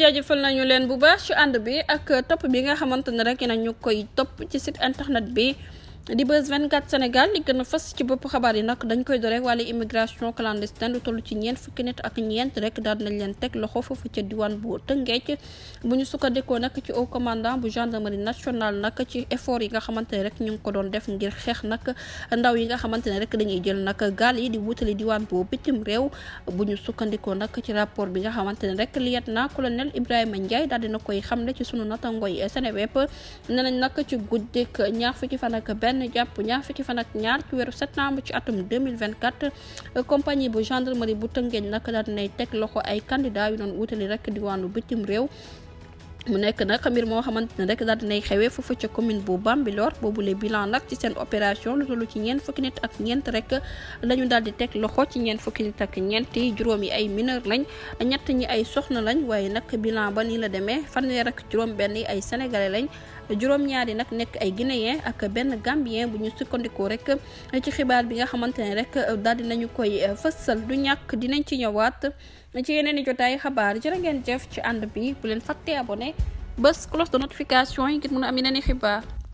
jaajëfal nañu leen bu baax ci ànd bi ak top bi nga xamante ne rek ñu koy topp ci site internet bi di bës 24 Sénégal li gën a fës ci bopp xabaar yi nag dañ koy doree wàllu immigration clandestine lu toll ci ñeent fukki nit ak ñeent rek daal nañ leen teg loxo foofu ca diwaan bu Tëngéej bu ñu sukkandikoo nag ci haut commandant bu gendarmerie nationale nag ci effort yi nga xamante ne rek ñu ngi ko doon def ngir xeex nag ndaw yi nga xamante ne rek dañuy jël nag gaal yi di wutali diwaan bu bitim réew bu ñu sukkandikoo nag ci rapport bi nga xamante ne rek lieutenant colonel Ibrahima Ndiaye daal dina koy xamle ci sunu natangoy Seneweb nee nañ nag ci guddik ñaar fukki fan ak benn benn jàpp ñaar fukki fan ak ñaar ci weeru septembre ci atum 2024 compagnie bu gendarmerie bu Tëngéej nag daal nay teg loxo ay candidat yu doon wutali rek diwaanu bitim réew mu nekk nag mbir moo xamante ne rek daal dinay xewee foofu commune bu Bambilor boobule bilan nag ci seen opération lu toll ci ñeent fukki nit ak ñeent rek lañu daal di teg loxo ci ñeent fukki nit ak ñeent yi juróom yi ay mineur lañ ñett ñi ay soxna lañ waaye nag bilan ba nii la demee fanweer ak juróom benn yi ay sénégalais lañ juróom-ñaari nag nekk ay guinéen ak benn gambien bu ñu sukkandikoo rek ci xibaar bi nga xamante ne rek daal nañu koy fësal du ñàkk dinañ ci ñëwaat ci yeneen i jotaay xabaar jërë ngeen jëf ci ànd bi bu leen fàtte abonné bés cloche de notification yi ngir mën a am yeneen i xibaar